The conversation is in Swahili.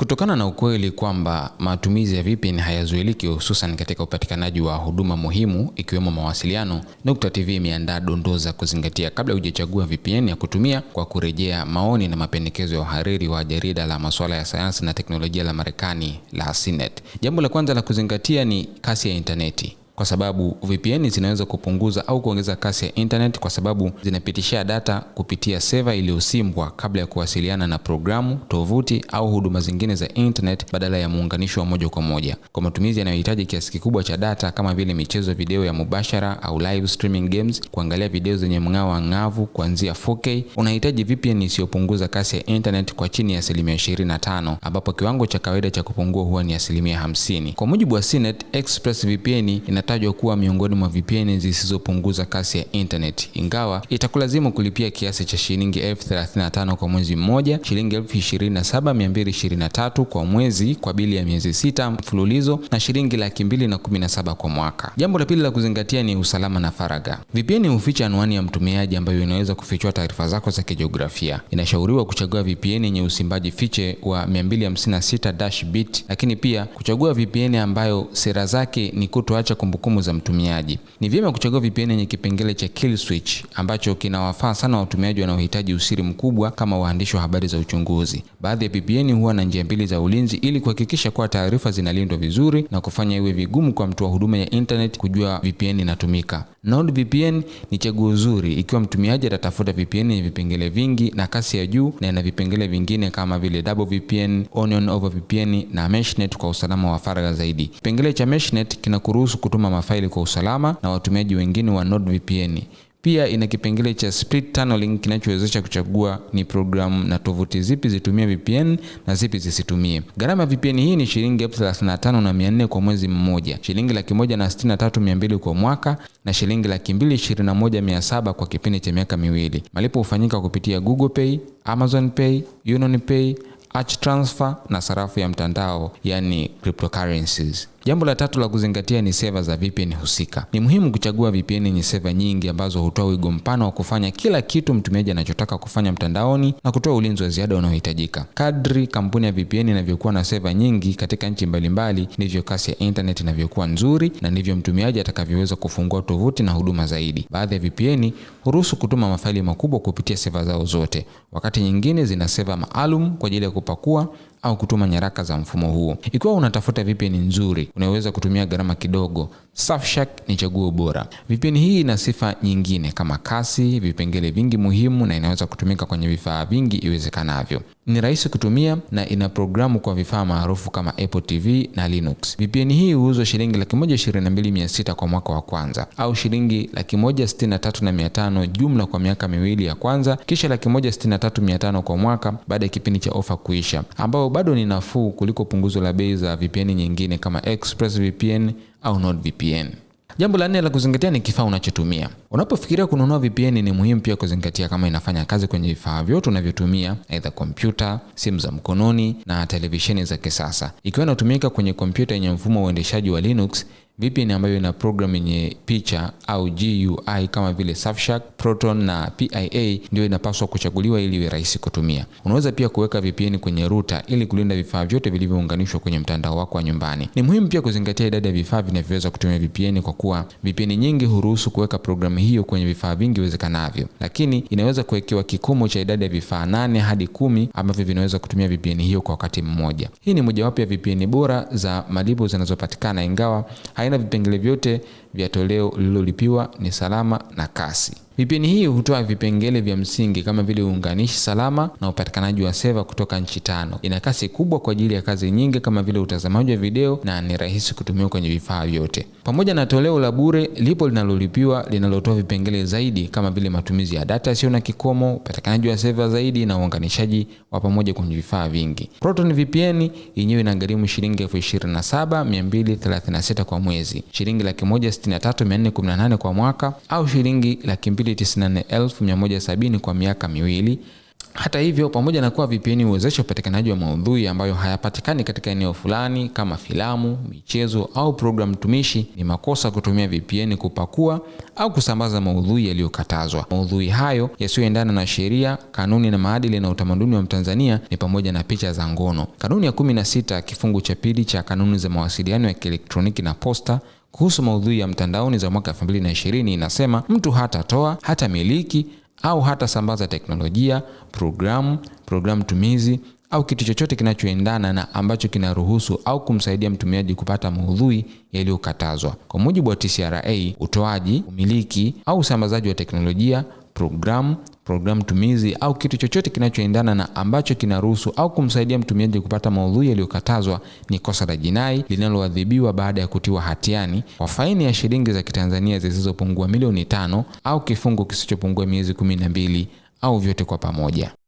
Kutokana na ukweli kwamba matumizi ya VPN hayazuiliki hususan katika upatikanaji wa huduma muhimu ikiwemo mawasiliano, Nukta TV imeandaa dondoo za kuzingatia kabla hujachagua VPN ya kutumia kwa kurejea maoni na mapendekezo ya uhariri wa jarida la masuala ya sayansi na teknolojia la Marekani la CNET. Jambo la kwanza la kuzingatia ni kasi ya intaneti kwa sababu VPN zinaweza kupunguza au kuongeza kasi ya internet kwa sababu zinapitishia data kupitia seva iliyosimbwa kabla ya kuwasiliana na programu, tovuti au huduma zingine za internet badala ya muunganisho wa moja kwa moja. Kwa matumizi yanayohitaji kiasi kikubwa cha data kama vile michezo, video ya mubashara au live streaming games, kuangalia video zenye mng'ao ng'avu kuanzia 4K, unahitaji VPN isiyopunguza kasi ya internet kwa chini ya asilimia 25, ambapo kiwango cha kawaida cha kupungua huwa ni asilimia 50. Kwa mujibu wa CNET, Express VPN ina kutajwa kuwa miongoni mwa VPN zisizopunguza kasi ya internet, ingawa itakulazimu kulipia kiasi cha shilingi 35 kwa mwezi mmoja, shilingi elfu 27223 kwa mwezi kwa bili ya miezi sita mfululizo na shilingi laki mbili kwa mwaka. Jambo la pili la kuzingatia ni usalama na faraga VPN huficha anwani ya mtumiaji ambayo inaweza kufichua taarifa zako za kijiografia. Inashauriwa kuchagua VPN yenye usimbaji fiche wa 256 bit, lakini pia kuchagua VPN ambayo sera zake ni kutoacha kumbukumbu kumbukumbu za mtumiaji. Ni vyema kuchagua VPN yenye kipengele cha kill switch ambacho kinawafaa sana watumiaji wanaohitaji usiri mkubwa kama waandishi wa habari za uchunguzi. Baadhi ya VPN huwa na njia mbili za ulinzi ili kuhakikisha kuwa taarifa zinalindwa vizuri na kufanya iwe vigumu kwa mtu wa huduma ya internet kujua VPN inatumika. NordVPN ni chaguo zuri ikiwa mtumiaji atatafuta VPN yenye vipengele vingi na kasi ya juu na ina vipengele vingine kama vile double VPN, onion over VPN na meshnet kwa usalama wa faragha zaidi. Kipengele cha meshnet kinakuruhusu kutuma mafaili kwa usalama na watumiaji wengine wa NordVPN. Pia ina kipengele cha split tunneling kinachowezesha kuchagua ni programu na tovuti zipi zitumie VPN na zipi zisitumie. Gharama ya VPN hii ni shilingi elfu thelathini na tano na mia nne kwa mwezi mmoja, shilingi laki moja na sitini na tatu mia mbili kwa mwaka na shilingi laki mbili ishirini na moja mia saba kwa kipindi cha miaka miwili. Malipo hufanyika kupitia Google Pay, Amazon Pay, Union Pay, Arch Transfer na sarafu ya mtandao yani cryptocurrencies. Jambo la tatu la kuzingatia ni seva za VPN husika. Ni muhimu kuchagua VPN yenye seva nyingi ambazo hutoa wigo mpana wa kufanya kila kitu mtumiaji anachotaka kufanya mtandaoni na kutoa ulinzi wa ziada unaohitajika. Kadri kampuni ya VPN inavyokuwa na seva nyingi katika nchi mbalimbali, ndivyo kasi ya internet inavyokuwa nzuri na ndivyo mtumiaji atakavyoweza kufungua tovuti na huduma zaidi. Baadhi ya VPN huruhusu kutuma mafaili makubwa kupitia seva zao zote, wakati nyingine zina seva maalum kwa ajili ya kupakua au kutuma nyaraka za mfumo huo. Ikiwa unatafuta VPN nzuri unayoweza kutumia gharama kidogo, Surfshark ni chaguo bora. VPN hii ina sifa nyingine kama kasi, vipengele vingi muhimu na inaweza kutumika kwenye vifaa vingi iwezekanavyo ni rahisi kutumia na ina programu kwa vifaa maarufu kama Apple TV na Linux. VPN hii huuzwa shilingi laki kwa mwaka wa kwanza au shilingi laki jumla kwa miaka miwili ya kwanza, kisha 163500 kwa mwaka baada ya kipindi cha ofa kuisha, ambayo bado ni nafuu kuliko punguzo la bei za VPN nyingine kama Express VPN au NordVPN. Jambo la nne la kuzingatia ni kifaa unachotumia. Unapofikiria kununua VPN, ni muhimu pia kuzingatia kama inafanya kazi kwenye vifaa vyote unavyotumia, aidha kompyuta, simu za mkononi na televisheni za kisasa. Ikiwa inatumika kwenye kompyuta yenye mfumo wa uendeshaji wa Linux, VPN ambayo ina program yenye picha au GUI kama vile Surfshark, Proton na PIA ndio inapaswa kuchaguliwa ili iwe rahisi kutumia. Unaweza pia kuweka VPN kwenye ruta ili kulinda vifaa vyote vilivyounganishwa kwenye mtandao wako wa nyumbani. Ni muhimu pia kuzingatia idadi ya vifaa vinavyoweza kutumia VPN kwa kuwa VPN nyingi huruhusu kuweka programu hiyo kwenye vifaa vingi iwezekanavyo, lakini inaweza kuwekewa kikomo cha idadi ya vifaa nane hadi kumi ambavyo vinaweza kutumia VPN hiyo kwa wakati mmoja. Hii ni mojawapo ya VPN bora za malipo zinazopatikana ingawa haina aina vipengele vyote vya toleo lililolipiwa ni salama na kasi. VPN hii hutoa vipengele vya msingi kama vile uunganishi salama na upatikanaji wa seva kutoka nchi tano. Ina kasi kubwa kwa ajili ya kazi nyingi kama vile utazamaji wa video na ni rahisi kutumiwa kwenye vifaa vyote. Pamoja na toleo la bure, lipo linalolipiwa linalotoa vipengele zaidi kama vile matumizi ya data yasiyo na kikomo, upatikanaji wa seva zaidi na uunganishaji wa pamoja kwenye vifaa vingi. Proton VPN yenyewe inagharimu shilingi elfu ishirini na saba mia mbili thelathini na sita kwa mwezi, shilingi laki moja 63418 kwa mwaka au shilingi laki mbili tisini na nne kwa miaka miwili hata hivyo, pamoja na kuwa VPN huwezesha upatikanaji wa maudhui ambayo hayapatikani katika eneo fulani kama filamu, michezo au programu tumishi, ni makosa kutumia VPN kupakua au kusambaza maudhui yaliyokatazwa. Maudhui hayo yasiyoendana na sheria, kanuni na maadili na utamaduni wa Mtanzania ni pamoja na picha za ngono. Kanuni ya kumi na sita kifungu cha pili cha kanuni za mawasiliano ya kielektroniki na posta kuhusu maudhui ya mtandaoni za mwaka 2020 inasema mtu hatatoa, miliki au hata sambaza teknolojia, programu, programu tumizi au kitu chochote kinachoendana na ambacho kinaruhusu au kumsaidia mtumiaji kupata maudhui yaliyokatazwa. Kwa mujibu wa TCRA, utoaji, umiliki au usambazaji wa teknolojia, programu programu tumizi au kitu chochote kinachoendana na ambacho kinaruhusu au kumsaidia mtumiaji kupata maudhui yaliyokatazwa ni kosa la jinai linaloadhibiwa baada ya kutiwa hatiani kwa faini ya shilingi za Kitanzania zisizopungua milioni tano au kifungo kisichopungua miezi kumi na mbili au vyote kwa pamoja.